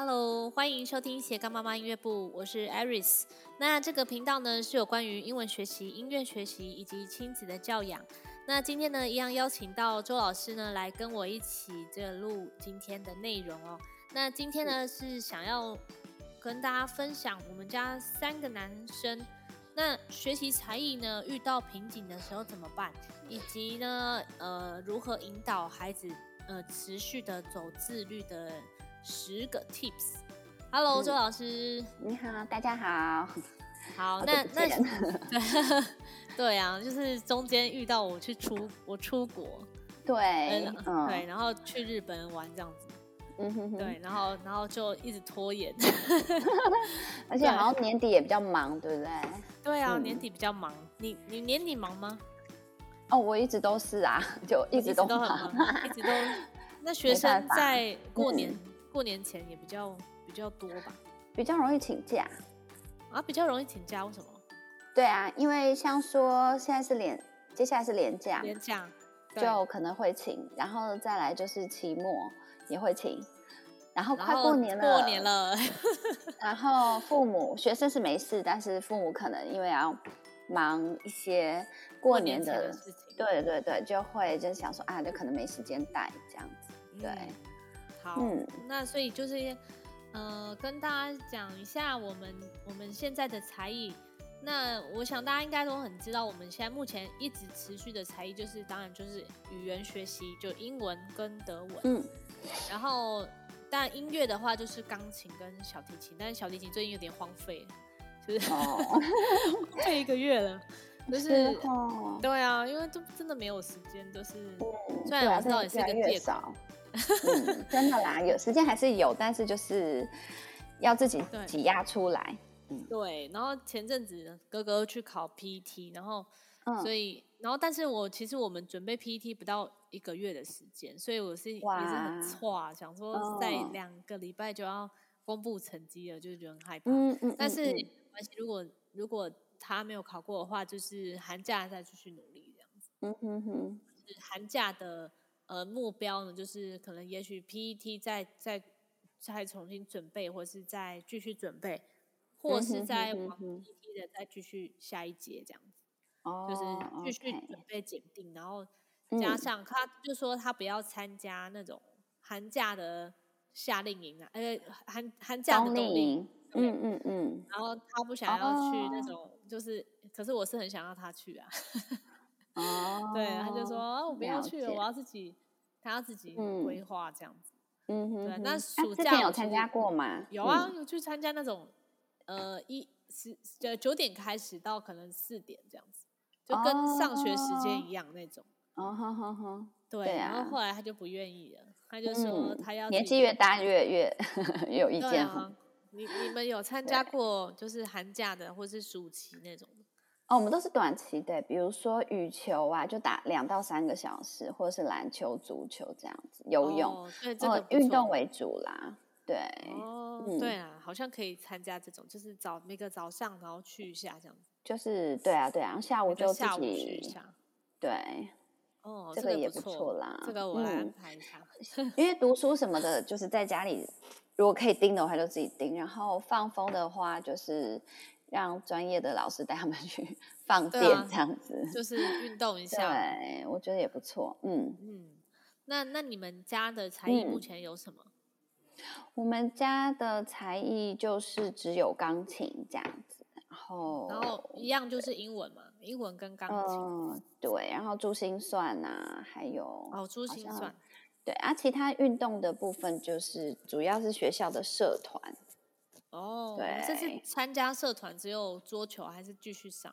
Hello，歡迎收聽斜槓媽媽音樂部，我是 Iris。那這個頻道呢是有關於英文學習、音樂學習以及親子的教養。那今天呢，一樣邀請到周老師呢來跟我一起這錄今天的內容哦。那今天呢是想要跟大家分享我們家三個男生那學習才藝呢遇到瓶頸的時候怎麼辦，以及呢呃如何引導孩子呃持續的走自律的。十個 tips，Hello，周老師，你好，大家好，好，那那，對啊，就是中間遇到我去出我出國，對，對，然後去日本玩這樣子，嗯對，然後然後就一直拖延，而且好像年底也比較忙，對不對？對啊，年底比較忙，你你年底忙嗎？哦，我一直都是啊，就一直都很忙，一直都，那學生在過年。過年前也比較比較多吧，比較容易請假，啊，比較容易請假，為什麼？對啊，因為像說現在是連，接下來是連假，連假，就可能會請，然後再來就是期末也會請，然後快過年了，過年了， 然後父母學生是沒事，但是父母可能因為要忙一些過年的，過年的事情，對對對，就會就想說啊，就可能沒時間帶這樣子，對。嗯好，嗯、那所以就是，呃，跟大家講一下我們我們現在的才藝。那我想大家應該都很知道，我們現在目前一直持續的才藝，就是當然就是語言學習，就英文跟德文。嗯。然後，但音樂的話就是鋼琴跟小提琴，但是小提琴最近有點荒廢，就是哦，這 一個月了，就是，真好對啊，因為都真的沒有時間，都、就是對雖然我知道也是一個借口。 嗯、真的啦，有時間還是有，但是就是要自己擠壓出來。對，嗯、對。然後前陣子哥哥去考 PET，然後所以然後，嗯、然後但是我其實我們準備 PET 不到一個月的時間，所以我是一直很挫啊，哇想說再兩個禮拜就要公布成績了，哦、就覺得很害怕。嗯嗯，嗯，嗯但是如果如果他沒有考過的話，就是寒假再繼續努力這樣子。嗯哼、嗯、哼、嗯。就是寒假的。呃，目標呢，就是可能也許 PET 再再再，再重新準備，或是再繼續準備，或是在 PET 的再繼續下一節這樣子，嗯、哼哼哼就是繼續準備檢定，oh, okay. 然後加上、嗯、他就說他不要參加那種寒假的夏令營啊，呃寒寒假的冬令營命 Okay.、嗯，嗯嗯嗯，然後他不想要去那種，oh. 就是可是我是很想要他去啊。 哦，對，他就說，我不要去了，我要自己，他要自己規劃這樣子。嗯，對，那暑假有參加過嗎？有啊，有去參加那種，呃，一十呃九點開始到可能四點這樣子，就跟上學時間一樣那種。哦呵呵呵，對啊。然後後來他就不願意了，他就說他要年紀越大越越有意見。你你們有參加過就是寒假的或是暑期那種？哦，我們都是短期對，比如說羽球啊，就打兩到三個小時，或者是籃球、足球這樣子，游泳哦，運、哦、動為主啦，對，哦，嗯、對啊，好像可以參加這種，就是早每個早上然後去一下這樣子，就是對啊，對啊，下午就自己，下午去一下對，哦，這個也不錯啦，這個我來安排一下，嗯、 因為讀書什麼的，就是在家裡如果可以盯的話就自己盯，然後放風的話就是。讓專業的老師帶他們去放電，啊、這樣子就是運動一下。對，我覺得也不錯。嗯嗯，那那你們家的才藝目前有什麼？嗯、我們家的才藝就是只有鋼琴這樣子，然後然後一樣就是英文嘛，對英文跟鋼琴。嗯，對，然後珠心算啊，還有哦，珠心算。對啊，其他運動的部分就是主要是學校的社團。哦，oh, 對這是參加社團，只有桌球還是繼續上？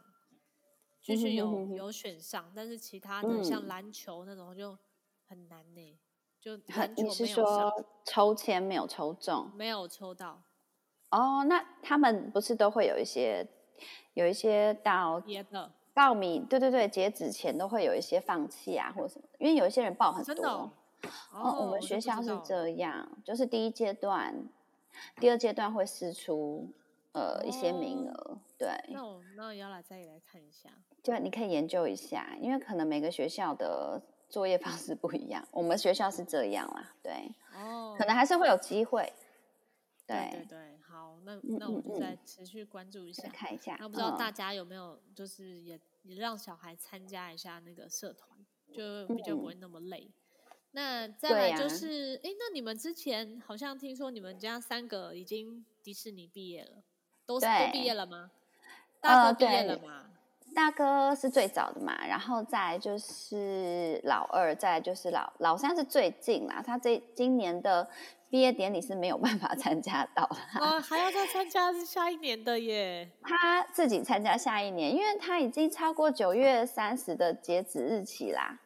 繼續有、嗯、哼哼哼有選上，但是其他的、嗯、像籃球那種就很難呢。就你是說抽籤沒有抽中？沒有抽到。哦，oh, 那他們不是都會有一些有一些到 Yeah. 報名，對對對，截止前都會有一些放棄啊或者什麼，因為有一些人報很多。真的哦，oh, oh, 我們學校是這樣，就是第一階段。第二階段會試出，呃，哦、一些名額，對。那我那讓 y o 再也來看一下，就你可以研究一下，因為可能每個學校的作業方式不一樣，我們學校是這樣啦，對。哦。可能還是會有機會。對對對，好，那那我們就再持續關注一下。看一下。嗯、那不知道大家有沒有，就是也、嗯、也讓小孩參加一下那個社團，就比較不會那麼累。嗯那再來就是，哎、啊，那你們之前好像聽說你們家三個已經迪士尼畢業了，都對都畢業了嗎？大哥畢業了嗎、呃？大哥是最早的嘛，然後再就是老二，再就是老老三是最近啦，他這今年的畢業典禮是沒有辦法參加到啦。啊、嗯，還要再參加是下一年的耶？他自己參加下一年，因為他已經超過九月三十的截止日期啦。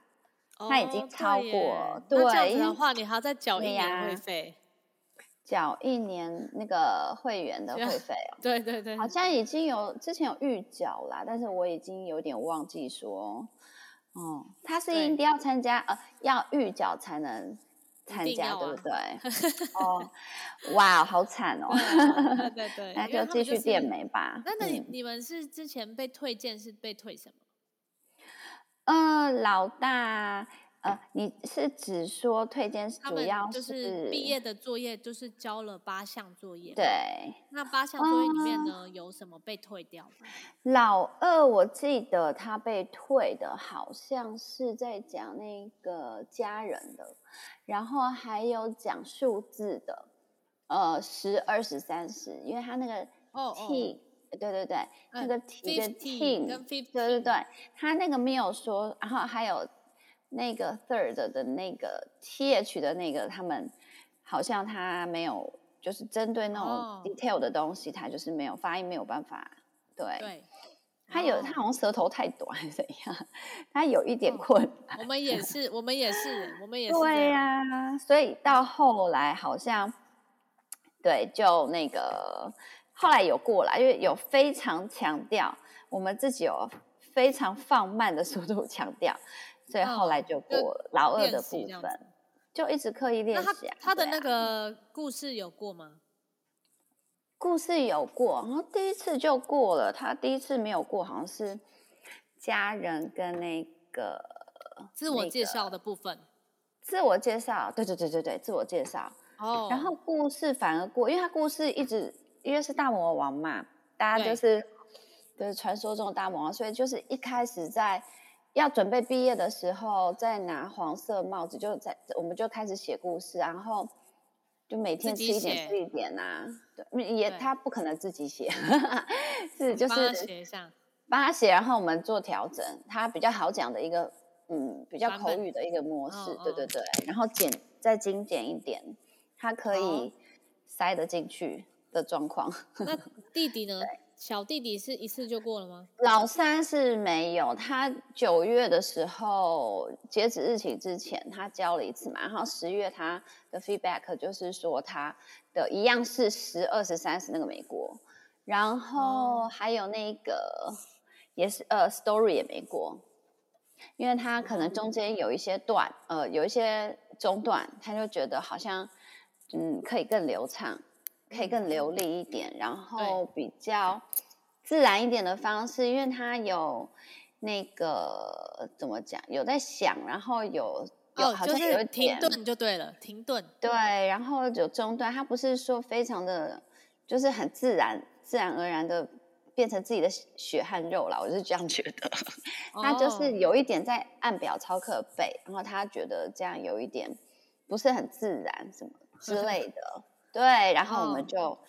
他已經超過，對，這樣的話你還要再繳一年會費，繳一年那個會員的會費哦。對對對，好像已經有之前有預繳啦，但是我已經有點忘記說，哦，他是一定要參加，呃，要預繳才能參加，對不對？哦，哇，好慘哦。對對對，那就繼續變美吧。那你你們是之前被退件是被退什麼？嗯，老大，呃，你是指說推薦，主要是畢業的作業就是交了八項作業。對，那八項作業裡面呢、嗯、有什麼被退掉？老二，我記得他被退的好像是在講那個家人的，然後還有講數字的，呃，十二、十三、十，因為他那個哦，T 對對對，那個、嗯、T 個 t 15跟15，對對對，他那個沒有說，然後還有那個 “third” 的那個 “th” 的那個，他們好像他沒有，就是針對那種 detail 的東西，哦、他就是沒有發音沒有辦法。對，對哦、他有他好像舌頭太短怎樣，他有一點困、哦。我們也是，我們也是，我們也是。對呀、啊，所以到後來好像，對，就那個。後來有過了，因為有非常強調我們自己有非常放慢的速度強調，所以後來就過了。就老二的部分，就一直刻意練習。那他，啊、他的那個故事有過嗎？故事有過，然後第一次就過了。他第一次沒有過，好像是家人跟那個自我介紹的部分。自我介紹，對對對對，對自我介紹。Oh. 然後故事反而過，因為他故事一直。因為是大魔王嘛，大家就是對就是傳說中的大魔王，所以就是一開始在要準備畢業的時候，在拿黃色帽子，就在我們就開始寫故事，啊，然後就每天吃一點，吃一點吶，啊。對，也對他不可能自己寫， 是就是幫他寫一下，幫他寫，然後我們做調整，他比較好講的一個，嗯，比較口語的一個模式，本對對對，哦哦然後剪再精簡一點，他可以，哦，塞得進去。的狀況，那弟弟呢？小弟弟是一次就過了嗎？老三是沒有，他九月的時候截止日期之前他交了一次嘛，然後十月他的 feedback 就是說他的一樣是十二十三十那個沒過，然後還有那個也是呃 story 也沒過，因為他可能中間有一些斷呃有一些中斷，他就覺得好像嗯可以更流暢。可以更流利一點，然後比較自然一點的方式，對因為它有那個怎麼講，有在想，然後有有、oh, 好像有，就是停頓就對了，停頓對，然後有中斷，他不是說非常的，就是很自然，自然而然的變成自己的血和肉了，我是這樣覺得。他、oh. 就是有一點在按表操課背，然後他覺得這樣有一點不是很自然，什麼之類的。 對，然後我們就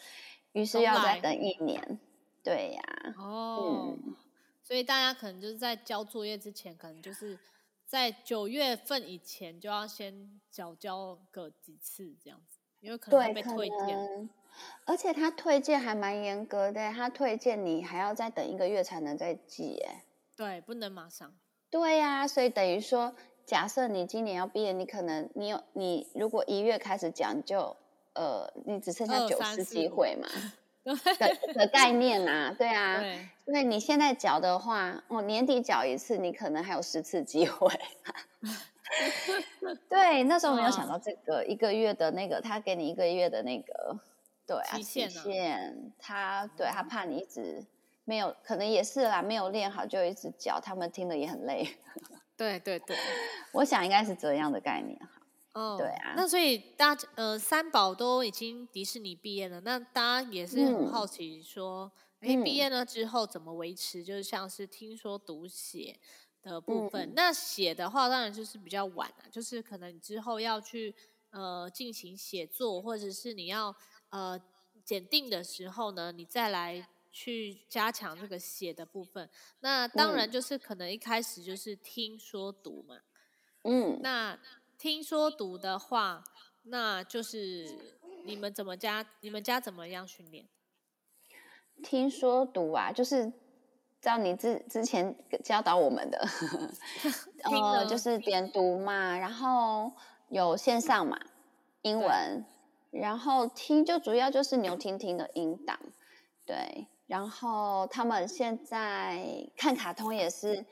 於是要再等一年，對呀。哦，所以大家可能就是在交作業之前，可能就是在九月份以前就要先繳交，交個幾次這樣子，因為可能會被退件。而且他退件還蠻嚴格的，他退件你還要再等一個月才能再寄，哎，對，不能馬上。對呀、啊，所以等於說，假設你今年要畢業，你可能你有你如果一月開始講就。呃，你只剩下九次機會嘛，的的概念啊，對啊，因為對你現在繳的話，哦，年底繳一次，你可能還有十次機會。 對，那時候沒有想到這個、啊、一個月的那個，他給你一個月的那個，對啊，期限、啊。他對他怕你一直沒有，可能也是啦，沒有練好就一直繳，他們聽的也很累。 對對對，我想應該是這樣的概念。哦，oh, 對啊，那所以大家呃，三寶都已經迪士尼畢業了，那大家也是很好奇說，你、嗯、畢業了之後怎麼維持？就是像是聽說讀寫的部分。嗯、那寫的話，當然就是比較晚了、啊，就是可能你之後要去呃進行寫作，或者是你要呃檢定的時候呢，你再來去加強這個寫的部分。那當然就是可能一開始就是聽說讀嘛，嗯，那。聽說讀的話，那就是你們怎麼家？你們家怎麼樣訓練？聽說讀啊，就是照你之之前教導我們的， 聽了呃，就是點讀嘛，聽然後有線上嘛，英文，對然後聽就主要就是牛聽聽的音檔，對，然後他們現在看卡通也是，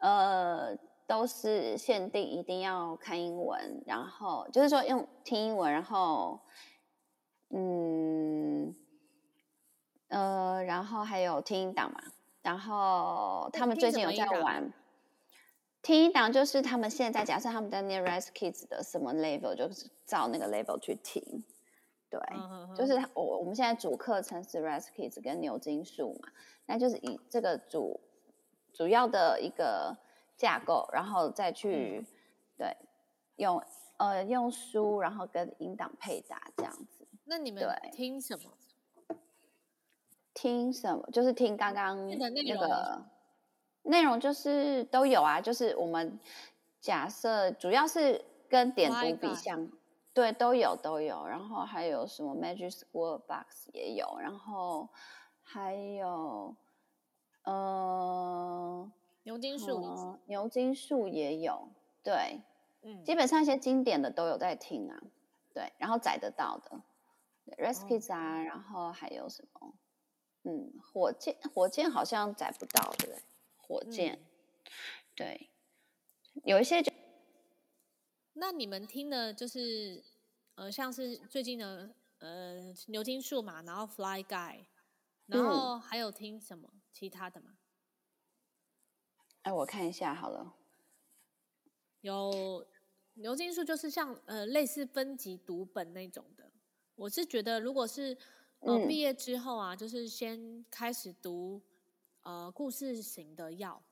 呃。都是限定，一定要看英文，然後就是說用聽英文，然後，嗯，呃，然後還有聽音檔嘛。然後他們最近有在玩聽音，聽音檔，就是他們現在假設他們在念《RAZ Kids》的什麼 level，就是照那個 level 去聽。對，oh, oh, oh. 就是我我們現在主課程是《RAZ Kids》跟《牛津樹》嘛，那就是以這個主主要的一個。架構，然後再去對用呃用書，然後跟音檔配搭這樣子。那你們聽什麼對？聽什麼？就是聽剛剛、這個、那個內容，內容就是都有啊。就是我們假設主要是跟點讀筆相、oh、my 對，都有、都有，然後還有什麼 Magic School Box 也有，然後還有嗯。呃牛津樹、哦，牛津樹也有，對，嗯，基本上一些經典的都有在聽啊，對，然後載得到的，Rescues 啊 Okay.，然後還有什麼？嗯，火箭，火箭好像載不到，對不對？火箭，嗯、對，有一些就，那你們聽的就是，呃，像是最近的，呃，牛津樹嘛，然後 Fly Guy，然後還有聽什麼、嗯、其他的嗎？我看一下好了。有牛津樹，就是像呃類似分級讀本那種的。我是覺得，如果是呃嗯、畢業之後啊，就是先開始讀呃故事型的藥。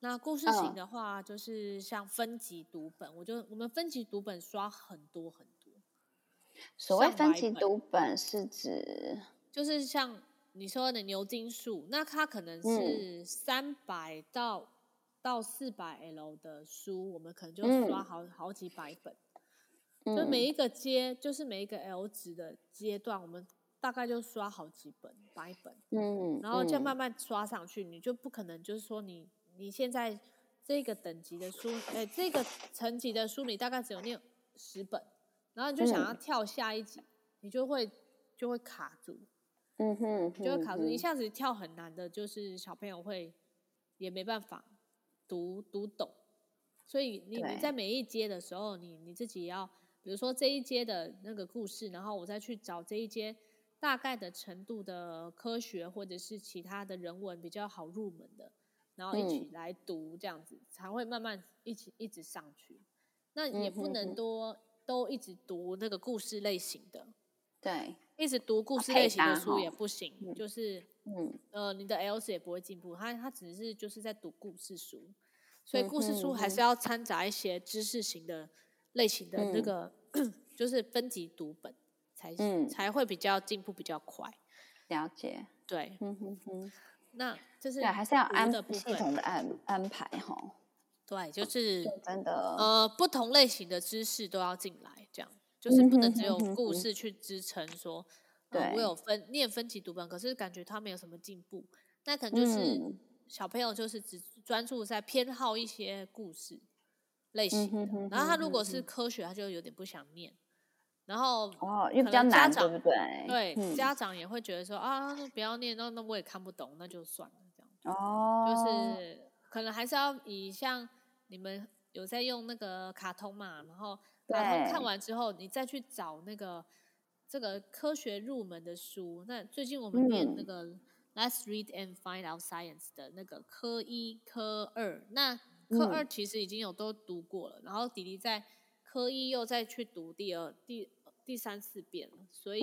那故事型的話，就是像分級讀本，哦、我就我們分級讀本刷很多很多。所謂分級讀本是指，就是像你說的牛津樹，那它可能是三百到。到四百 L 的書，我們可能就刷好、嗯、好幾百本，嗯、就每一個階就是每一個 L 值的階段，我們大概就刷好幾本、百本。嗯，嗯然後就慢慢刷上去。你就不可能就是說你你現在這個等級的書，哎、欸，這個層級的書你大概只有那十本，然後你就想要跳下一級，你就會就會卡住。嗯哼，嗯哼你就會卡住，一下子跳很難的，就是小朋友會也沒辦法讀讀懂，所以你你在每一階的時候，對你你自己要，比如說這一階的那個故事，然後我再去找這一階大概的程度的科學或者是其他的人文比較好入門的，然後一起來讀、嗯、這樣子，才會慢慢一起一直上去。那也不能多、嗯、哼哼都一直讀那個故事類型的，對，一直讀故事類型的書也不行，嗯、就是。嗯呃，你的 L C 也不會進步，他他只是就是在讀故事書，所以故事書還是要摻雜一些知識型的、嗯、類型的那個、嗯， 就是分級讀本才、嗯、才會比較進步比較快。了解。對，嗯嗯嗯，嗯嗯那就是對，還是要按不同的安安排哈。對，就是真的呃，不同類型的知識都要進來，這樣就是不能只有故事去支撐說。嗯嗯嗯嗯對、哦，我有分念分級讀本，可是感覺他沒有什麼進步。那可能就是小朋友就是只專注在偏好一些故事類型、嗯、哼哼然後他如果是科學，嗯、哼哼他就有點不想念。然後哦，又比較難，對不對？對，嗯、家長也會覺得說啊，說不要念，那那我也看不懂，那就算了，這樣就哦，就是可能還是要以像你們有在用那個卡通嘛，然後卡通看完之後，對你再去找那個。這個科學入門的書，那最近我們念那個《Let's Read and Find Out Science》的那個科一、科二，那科二其實已經有都讀過了，然後弟弟在科一又再去讀第二、第第三四遍了，所以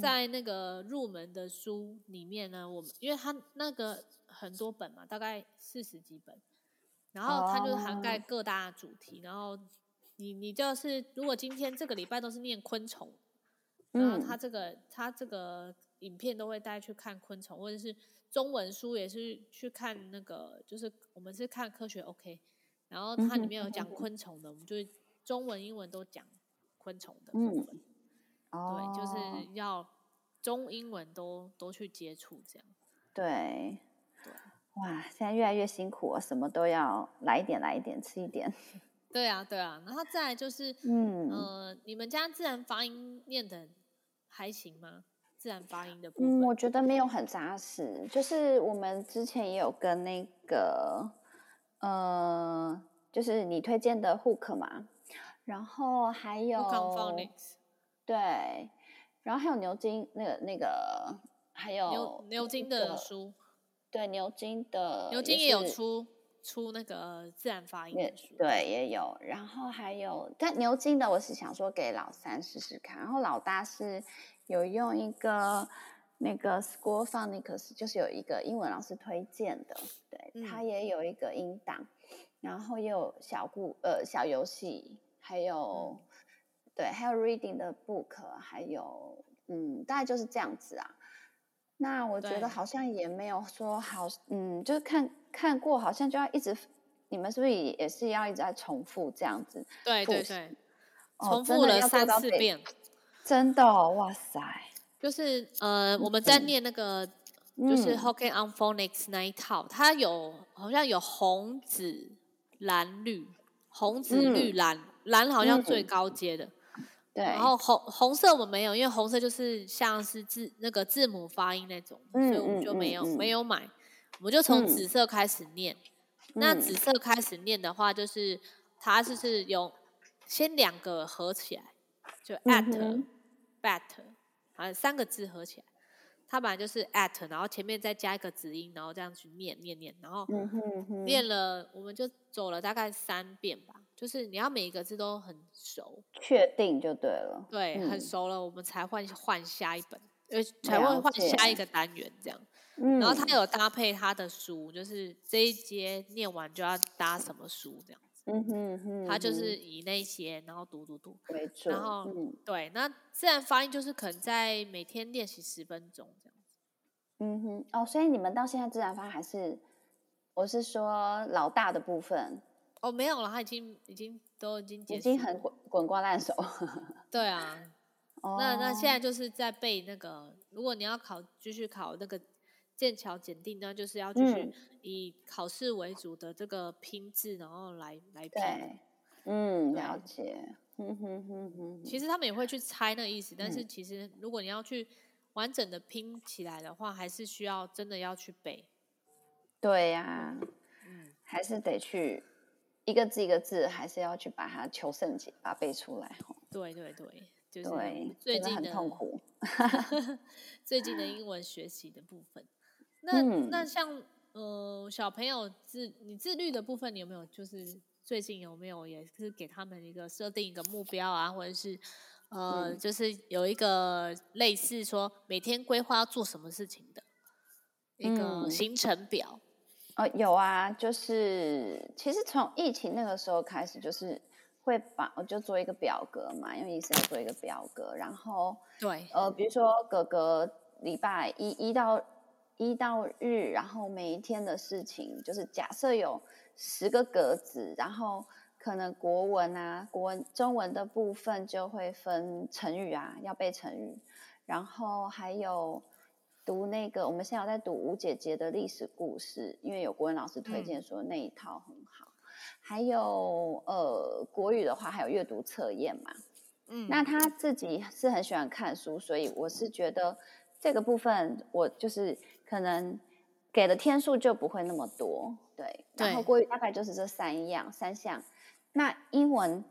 在那個入門的書裡面呢，我們因為它那個很多本嘛，大概四十幾本，然後它就涵蓋各大主題，然後你你就是如果今天這個禮拜都是念昆蟲。然後他這個，他這個影片，都會帶去看昆蟲，或者是中文書也是去看那個，就是我們是看科學 OK。然後它裡面有講昆蟲的，我們、嗯、就是中文、嗯、英文都講昆蟲的部分。嗯。對。哦。對，就是要中英文都都去接觸這樣。對。對。哇，現在越來越辛苦啊，什麼都要來一點，來一點，吃一點。對啊，對啊。然後再來就是，嗯呃，你們家自然發音念的。還行嗎？自然發音的部分，嗯，我覺得沒有很紮實。就是我們之前也有跟那個，呃，就是你推薦的 Hook 嘛，然後還有， 對，然後還有牛津那個那個，還有牛牛津的書，對，牛津的牛津也有出。出那個自然發音書 yeah, 對，也有，然後還有但牛津的，我是想說給老三試試看，然後老大是有用一個那個 School Phonics，就是有一個英文老師推薦的，對，嗯、他也有一個音檔，然後也有小故呃小遊戲，還有、嗯、對，還有 Reading 的 book，還有嗯，大概就是這樣子啊。那我覺得好像也沒有說好，對嗯，就是看。看過好像就要一直，你們是不是也也是要一直在重複這樣子？對對對，重複了三四遍。哦、四遍真的，哦、哇塞！就是呃，我們在念那個、嗯、就是 Hooked on Phonics 那一套，嗯、它有好像有紅、紫、藍、綠，紅、紫、綠、藍，嗯、藍好像最高階的。對、嗯嗯，然後紅紅色我們沒有，因為紅色就是像是字那個字母發音那種，所以我們就沒有嗯嗯嗯嗯沒有買。我們就從紫色開始念，嗯、那紫色開始念的話，就是、嗯、它是是有先兩個合起來，就 at、嗯、哼 bat，好像三個字合起來，它本來就是 at，然後前面再加一個子音，然後這樣去念念念，然後念了，嗯嗯、我們就走了大概三遍吧，就是你要每一個字都很熟，確定就對了，對，嗯、很熟了，我們才換換下一本，解才會換下一個單元這樣。嗯、然後他有搭配他的書，他就是這一階念完就要搭什麼書這樣子。嗯哼嗯哼。嗯、哼他就是以那些然後讀讀讀，讀沒錯然後、嗯、對，那自然發音就是可能在每天練習十分鐘這樣子。嗯哼哦，所以你們到現在自然發音還是，我是說老大的部分。哦沒有了，他已經已經都已經已經很滾瓜爛熟。 對啊，哦、那那現在就是在背那個，如果你要考繼續考那個。劍橋檢定呢，就是要繼續以考試為主的這個拼字，然後來來拼。嗯，對了解。哼哼哼。其實他們也會去猜那個意思，嗯、但是其實如果你要去完整的拼起來的話，還是需要真的要去背。對呀、啊。嗯。還是得去一個字一個字，還是要去把它求聖經，把它背出來。對對對。對、就是。最近的，真的很痛苦。 最近的英文學習的部分。那、嗯、那像呃小朋友自你自律的部分，你有沒有就是最近有沒有也是給他們一個設定一個目標啊，或者是呃、嗯、就是有一個類似說每天規劃要做什麼事情的一個行程表哦、嗯呃、有啊，就是其實從疫情那個時候開始，就是會把我就做一個表格嘛，因為醫生要做一個表格，然後對呃比如說哥哥禮拜一一到。一到日，然後每一天的事情就是假設有十個格子，然後可能國文啊，國文中文的部分就會分成語啊，要背成語，然後還有讀那個，我們現在有在讀吳姐姐的歷史故事，因為有國文老師推薦說那一套很好，嗯、還有呃國語的話還有閱讀測驗嘛，嗯，那他自己是很喜歡看書，所以我是覺得。這個部分我就是可能給的天數就不會那麼多，對，對，然後過於大概就是這三樣三項，那英文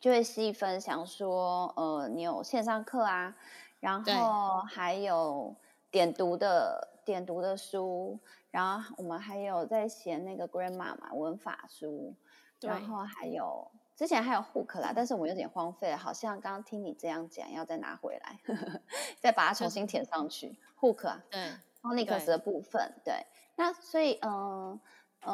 就會細分，想說呃你有線上課啊，然後還有點讀的點讀的書，然後我們還有在寫那個 grammar 嘛文法書，對然後還有。之前還有 hook 啦，但是我們有點荒廢了，好像剛剛聽你這樣講，要再拿回來，呵呵，再把它重新填上去。 hook 啊，對，phonics 的部分，對，對，那所以，嗯、呃，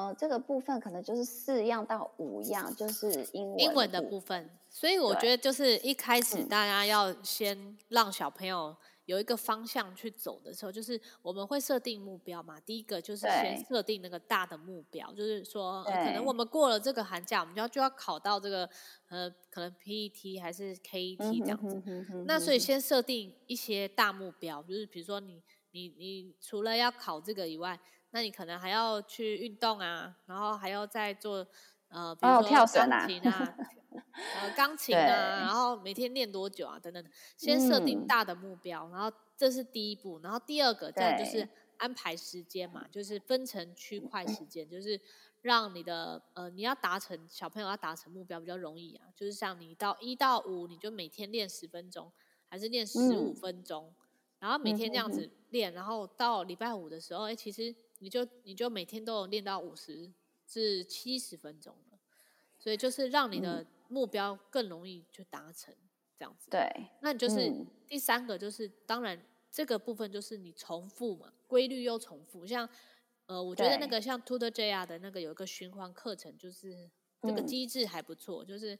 呃，這個部分可能就是四樣到五樣，就是英文，英文的部分。所以我覺得就是一開始大家要先讓小朋友。嗯有一個方向去走的時候，就是我們會設定目標嘛。第一個就是先設定那個大的目標，對就是說，呃，可能我們過了這個寒假，對我們就要就要考到這個呃，可能 PET 還是 KET 這樣子。那所以先設定一些大目標，就是比如說你你你除了要考這個以外，那你可能還要去運動啊，然後還要再做呃，比如說跳傘啊。哦 呃，鋼琴啊，對然後每天練多久啊？等等，先設定大的目標，嗯、然後這是第一步，然後第二個再就是安排時間嘛，對就是分成區塊時間，就是讓你的呃，你要達成小朋友要達成目標比較容易啊。就是像你到一到五，你就每天練十分鐘，還是練十五分鐘，嗯、然後每天這樣子練，然後到禮拜五的時候，哎，其實你就你就每天都有練到五十至七十分鐘了，所以就是讓你的。嗯目標更容易就達成，這樣子。對，那你就是第三個，就是、嗯、當然這個部分就是你重複嘛，規律又重複。像，呃，我覺得那個像 TutorJr 的那個有一個循環課程，就是這個機制還不錯，嗯、就是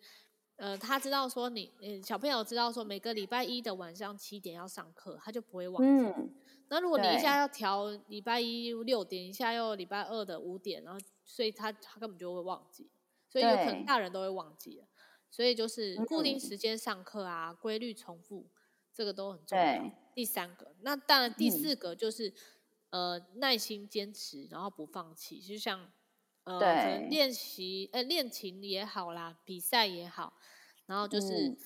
呃，他知道說你，你小朋友知道說每個禮拜一的晚上七點要上課，他就不會忘記。嗯、那如果你一下要調禮拜一六點，一下又禮拜二的五點，然後所以他他根本就會忘記，所以有可能大人都會忘記。所以就是固定時間上課啊，嗯、規律重複，這個都很重要。對第三個，那當然第四個就是，嗯、呃，耐心堅持，然後不放棄。就像呃，練習呃練琴也好啦，比賽也好，然後就是，嗯、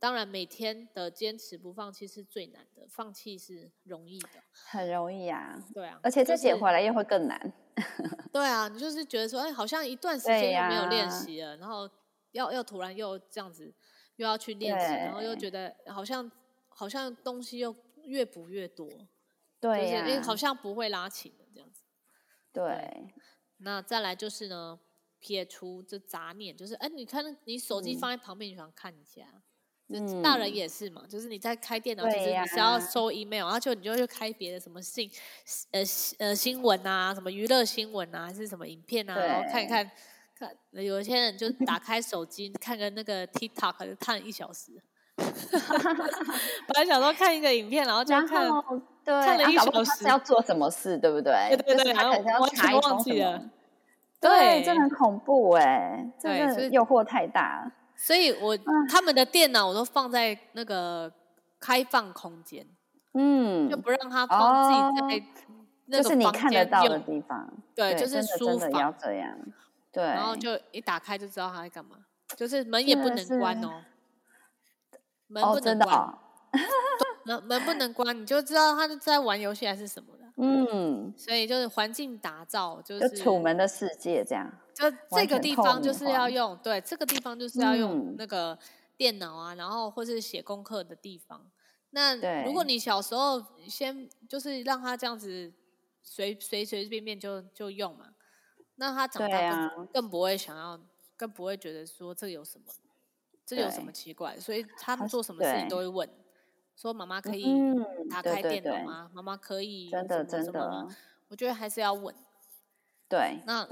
當然每天的堅持不放棄是最難的，放棄是容易的，很容易啊。對啊，而且再撿回來又會更難。 對啊，你就是覺得說，哎、欸，好像一段時間又沒有練習了，然後。要要突然又這樣子，又要去練習，對然後又覺得好像好像東西又越補越多，對、啊，就是因為好像不會拉琴這樣子。對，對那再來就是呢，撇除這雜念，就是哎、欸，你看你手機放在旁邊，嗯、你想看一下。大人也是嘛，嗯、就是你在開電腦，就是你是要收 email，、啊、然後就你就去開別的什麼信，呃呃新聞啊，什麼娛樂新聞啊，還是什麼影片啊，對然後看一看。有些人就打開手機看個那個 TikTok，就看一小時。本來想說看一個影片，然後這樣看，看了一小時。要做什麼事，對不對？對對對，他可能要查一種什麼？對，真的很恐怖哎。對，所以誘惑太大了。所以我他們的電腦我都放在那個開放空間，嗯，就不讓他放自己在那個房間用。對，就是真的要這樣。對，然後就一打開就知道他在幹嘛，就是門也不能關哦，真的門不能關，門、哦，真的哦、 門不能關，你就知道他在玩遊戲還是什麼的。嗯，所以就是環境打造，就是就楚門的世界這樣。就這個地方就是要用，對，這個地方就是要用那個電腦啊，然後或是寫功課的地方。那如果你小時候先就是讓他這樣子隨隨隨隨便便便就就用嘛。那他長大更不會想要，更不會覺得說這有什麼，這有什麼奇怪，所以他們做什麼事情都會問，說媽媽可以打開電腦嗎？媽媽可以什麼什麼？我覺得還是要問。對。那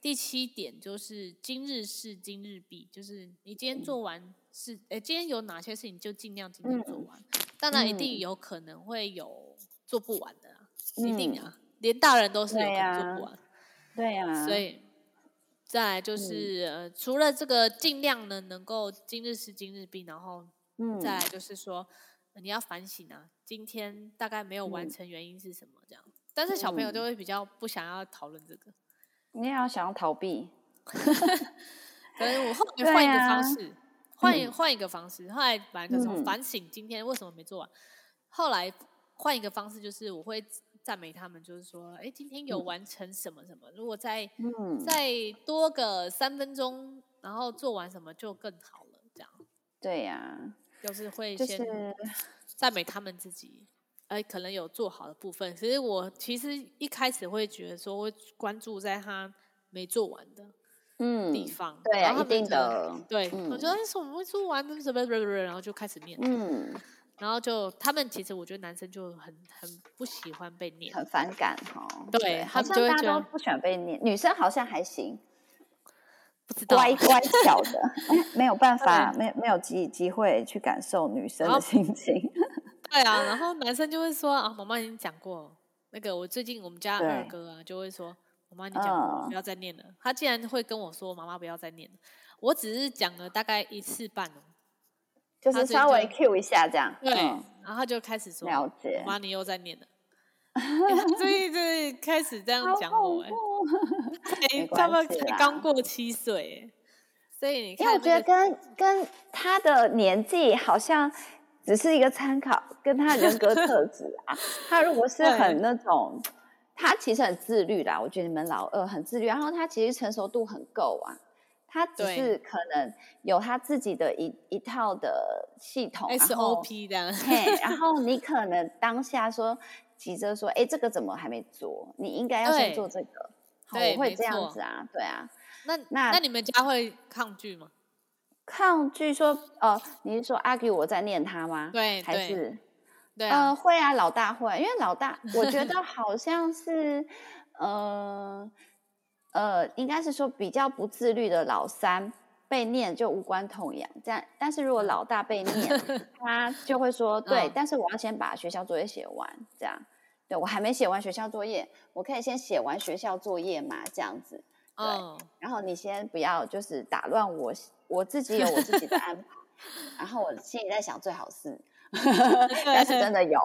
第七點就是今日事今日畢，就是你今天做完事，誒，今天有哪些事情就盡量今天做完，當然一定有可能會有做不完的，一定啊，連大人都是有可能做不完。對呀、啊，所以再來就是、嗯、呃，除了這個盡量呢，能夠今日事今日畢，然後，嗯，再來就是說、嗯呃，你要反省啊，今天大概沒有完成原因是什麼這樣。但是小朋友就會比較不想要討論這個，嗯、你也要想要逃避。可能 我後面換一個方式，啊、換一換一個方式，後來反正就是反省、嗯、今天為什麼沒做完。後來換一個方式就是我會。讚美他們，就是說，哎、欸，今天有完成什麼什麼？嗯、如果再、嗯、再多個三分鐘，然後做完什麼就更好了，這樣。對呀、啊，就是會先讚美他們自己，哎、欸，可能有做好的部分。其實我其實一開始會覺得說，會關注在他沒做完的地方，對、啊，一定的，對我覺得說我們沒做完的什麼什麼然後就開始念嗯。然後就他們其實，我覺得男生就很很不喜歡被念，很反感哈。對，好像大家都不喜歡被念。女生好像還行，不知道乖乖巧的、 欸，沒有辦法， 沒沒有機機會去感受女生的心情。對啊，然後男生就會說：“啊，媽媽已經講過那個，我最近我們家二哥啊，對就會說我媽你講過，呃、不要再念了。”他竟然會跟我說：“媽媽不要再念了。”我只是講了大概一次半。就是稍微 Q 一下這樣，對，嗯、然後就開始說，了解媽你又在念了，欸、所以就開始這樣講我、欸，才剛、欸、過七歲、欸，所以你看、欸，我覺得跟、這個、跟他的年紀好像只是一個參考，跟他人格特質啊， 他如果是很那種，他其實很自律啦。我覺得你們老二很自律，然後他其實成熟度很夠啊。他只是可能有他自己的一一套的系統，SOP 的。然後你可能當下說急着說，哎，這個怎麼還沒做？你應該要先做這個。對，會這樣子啊，對啊。那那那你們家會抗拒嗎？抗拒說，哦，你是說阿 r 我在念他嗎？對，還是對？呃，會啊，老大會，因為老大我覺得好像是，呃。呃，應該是說比較不自律的老三被念就無關痛癢，這樣。但是如果老大被念， 他就會說、哦、對，但是我要先把學校作業寫完，這樣。對，我還沒寫完學校作業，我可以先寫完學校作業嘛，這樣子。嗯，哦、然後你先不要就是打亂我，我自己有我自己的安排。 然後我心裡在想最好是， 但是真的有，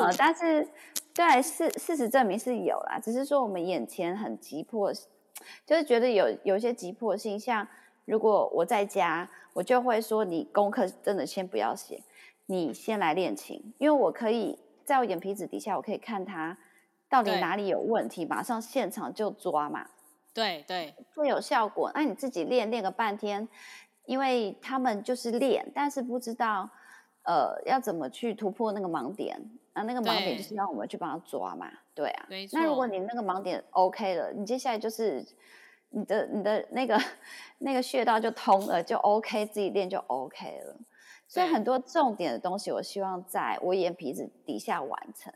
呃，但是對事事實證明是有啦，只是說我們眼前很急迫。就是覺得有有一些急迫性，像如果我在家，我就會說，你功課真的先不要寫，你先來練琴，因為我可以在我眼皮子底下，我可以看他到底哪裡有問題，對馬上現場就抓嘛。對對，對會有效果。那、啊、你自己練練個半天，因為他們就是練，但是不知道呃要怎麼去突破那個盲點，啊，那個盲點就是讓我們去幫他抓嘛。對啊，沒錯，那如果你那個盲點 OK 了，你接下來就是你的你的那個那個穴道就通了，就 OK，自己練就 OK 了。所以很多重點的東西，我希望在我眼皮子底下完成，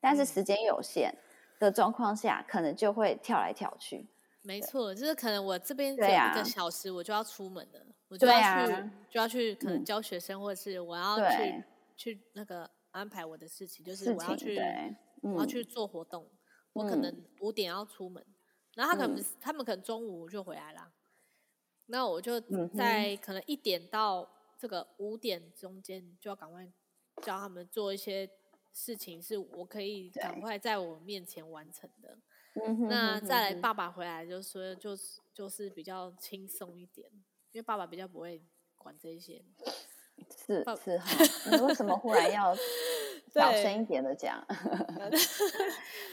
但是時間有限的狀況下，可能就會跳來跳去。嗯、對沒錯，就是可能我這邊只有一個小時，我就要出門了，啊、我就要去、啊、就要去可能教學生，或者是我要去、嗯、去那個安排我的事情，就是我要去。對要去做活動，嗯、我可能五點要出門，嗯、然後他可能、嗯、他們可能中午就回來了，那我就在可能一點到這個五點中間就要趕快教他們做一些事情，是我可以趕快在我面前完成的。對那再來爸爸回來就說就是就是比較輕鬆一點，因為爸爸比較不會管這一些，是是哈。 你為什麼忽然要？小對聲一點的講，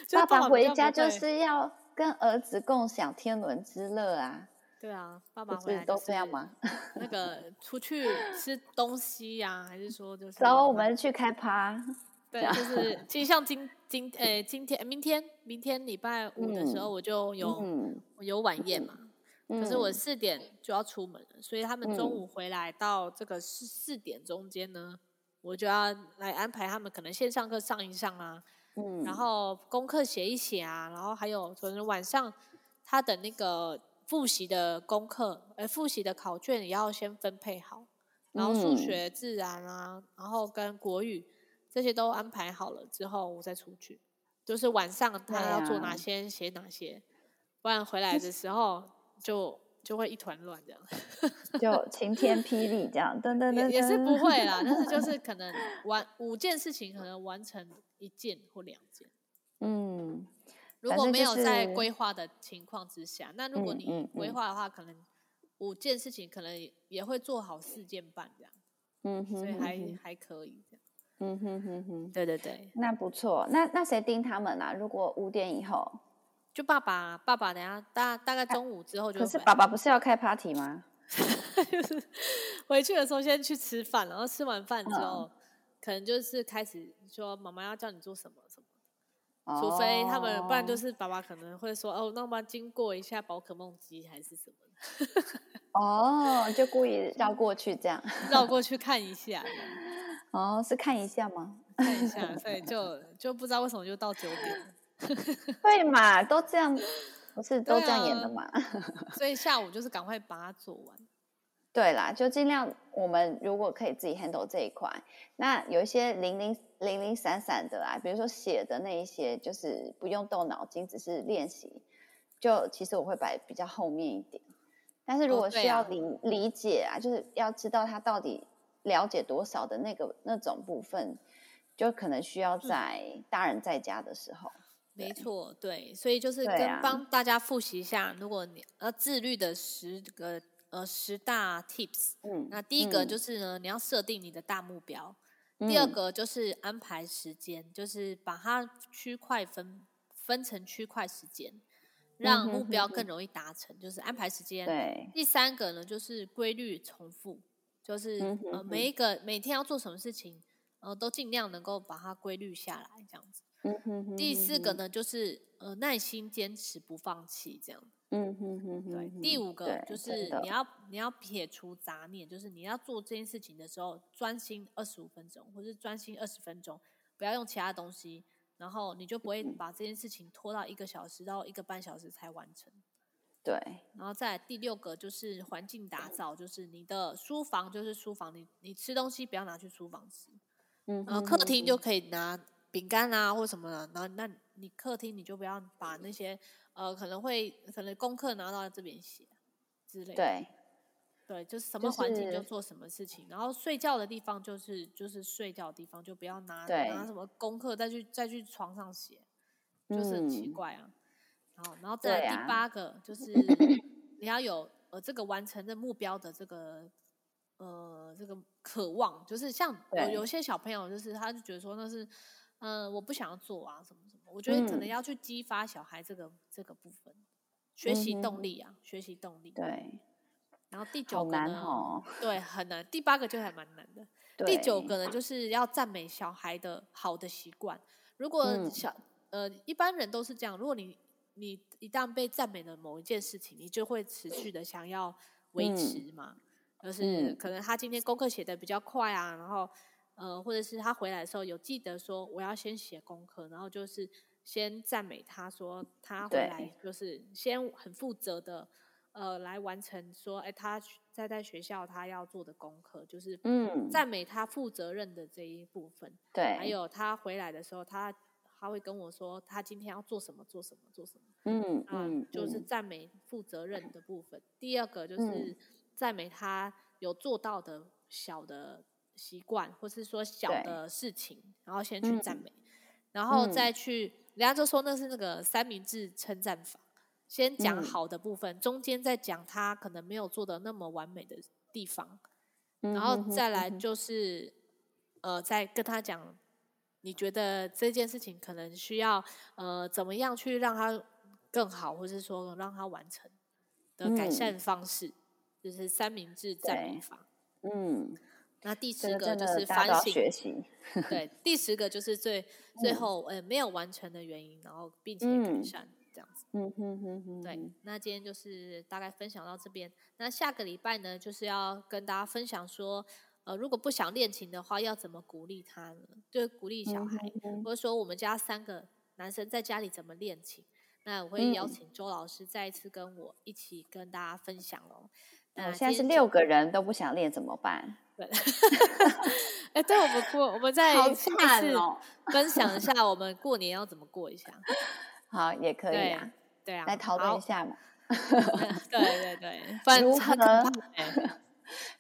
爸爸回家就是要跟兒子共享天倫之樂啊！對啊，爸爸回來都這樣嗎？ 那個出去吃東西呀、啊，還是說就是？走，我們去開趴。 對，就是，就像今今、呃、今天明天明天禮拜五的時候我就有、嗯、我有晚宴嘛，嗯、可是我四點就要出門了，所以他們中午回來到這個四,四點中間呢。我就要來安排他們，可能線上課上一上啊，嗯，然後功課寫一寫啊，然後還有昨天晚上他的那個複習的功課，呃，複習的考卷也要先分配好，然後數學、自然啊，然後跟國語這些都安排好了之後，我再出去，就是晚上他要做哪些對、啊、寫哪些，不然回來的時候就。就會一團亂這樣，就晴天霹靂這樣，噔噔也是不會啦， 但是就是可能完五件事情，可能完成一件或兩件。嗯，如果沒有在規劃的情況之下，是就是，那如果你規劃的話，嗯嗯嗯，可能五件事情可能也會做好四件半這樣。嗯哼，哼，哼，所以還還可以這樣。嗯哼哼哼，對對對，那不錯。那那誰盯他們啊？如果五點以後？.就爸爸，爸爸，等下大大概中午之後就。可是爸爸不是要開 party 嗎？ 就是回去的時候先去吃飯，然後吃完飯之後，嗯、可能就是開始說媽媽要叫你做什麼什麼。哦、除非他們，不然就是爸爸可能會說哦，那我們經過一下寶可夢機還是什麼。 哦，就故意繞過去這樣。繞過去看一下。哦，是看一下嗎？看一下，所以就就不知道為什麼就到九點。會 嘛，都這樣，不是都這樣演的嘛？啊、所以下午就是趕快把它做完。 對啦，就盡量我們如果可以自己 handle 這一塊，那有一些零零零零散散的啊，比如說寫的那一些，就是不用動腦筋，只是練習，就其實我會擺比較後面一點。但是如果需要理、啊、理解啊，就是要知道他到底了解多少的那個那種部分，就可能需要在大人在家的時候。嗯沒錯，對，所以就是跟幫大家複習一下，啊、如果你呃自律的十個呃十大 tips，嗯，那第一個就是呢，嗯、你要設定你的大目標，嗯、第二個就是安排時間，就是把它區塊分分成區塊時間，讓目標更容易達成，嗯、哼哼哼就是安排時間。對，第三個呢就是規律重複，就是、嗯、哼哼呃每一個每天要做什麼事情、呃，都盡量能夠把它規律下來，這樣子。第四個呢，就是呃，耐心堅持不放棄這樣。對。第五個就是你要你要，你要撇除雜念，就是你要做這件事情的時候，專心二十五分鐘，或是專心二十分鐘，不要用其他東西，然後你就不會把這件事情拖到一個小時、嗯、到一個半小時才完成。對。然後再第六個就是環境打造，嗯、就是你的書房就是書房，你你吃東西不要拿去書房吃，嗯哼哼哼哼，然後客廳就可以拿。餅乾啊，或什麼的，然後那你客廳你就不要把那些呃可能會可能功課拿到這邊寫之類，對對，就是什麼環境就做什麼事情，就是、然後睡覺的地方就是就是睡覺的地方，就不要拿拿對什麼功課再去再去床上寫，嗯、就是很奇怪啊。然後，然後再第八個、啊、就是你要有呃這個完成的目標的這個呃這個渴望，就是像對有，有些小朋友就是他就覺得說那是。嗯，我不想要做啊，什麼什麼，我覺得可能要去激發小孩這個、嗯、這個部分，學習動力啊，嗯、哼學習動力。對。然後第九個呢，好難哦、對，很難。第八個就還蠻難的。對第九個呢，就是要讚美小孩的好的習慣。如果小、嗯、呃，一般人都是這樣，如果你你一旦被讚美的某一件事情，你就會持續的想要維持嘛。嗯、就是可能他今天功課寫的比較快啊，然後。呃，或者是他回來的時候有記得說，我要先寫功課，然後就是先贊美他說他回來就是先很負責的，呃，來完成說，哎、欸，他在在學校他要做的功課就是，嗯，讚美他負責任的這一部分。對、嗯。還有他回來的時候他，他他會跟我說他今天要做什麼，做什麼，做什麼。嗯嗯。呃、嗯，就是讚美負責任的部分。第二個就是讚美他有做到的小的。習慣，或是說小的事情，對然後先去讚美，嗯、然後再去，人家，嗯、就說那是那個三明治稱贊法，嗯、先講好的部分，中間再講他可能沒有做的那麼完美的地方，嗯、然後再來就是，嗯、哼哼哼哼，呃，再跟他講，你覺得這件事情可能需要，呃，怎麼樣去讓他更好，或是說讓他完成的改善方式，嗯、就是三明治贊美法，嗯。那第十個就是反省學習，對，第十個就是最最後呃、嗯、沒有完成的原因，然後並且改善、嗯、這樣子。嗯嗯嗯嗯，對，那今天就是大概分享到這邊。那下個禮拜呢，就是要跟大家分享說，呃、如果不想練琴的話，要怎麼鼓勵他呢？就鼓勵小孩，嗯、哼哼或者說我們家三個男生在家裡怎麼練琴？那我會邀請周老師再一次跟我一起跟大家分享嘍。嗯、那現在是六個人都不想練怎麼辦？哎， 對，我們過我們再下一次分享一下我們過年要怎麼過一下。好也可以啊，對啊，對啊，來討論一下嘛。好 對對對，不然如何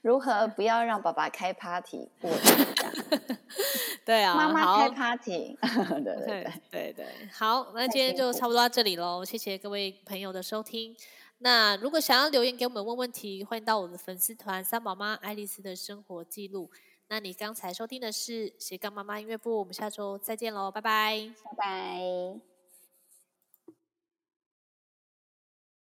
如何不要讓爸爸開 party 過年？ 對啊，媽媽開 party。對 對對對對，對對對好，那今天就差不多到這裡嘍，謝謝各位朋友的收聽。那如果想要留言給我們問問題，歡迎到我們粉絲團《三寶媽愛麗絲的生活記錄》。那你剛才收聽的是斜槓媽媽音樂部，我們下周再見嘍，拜拜，拜拜。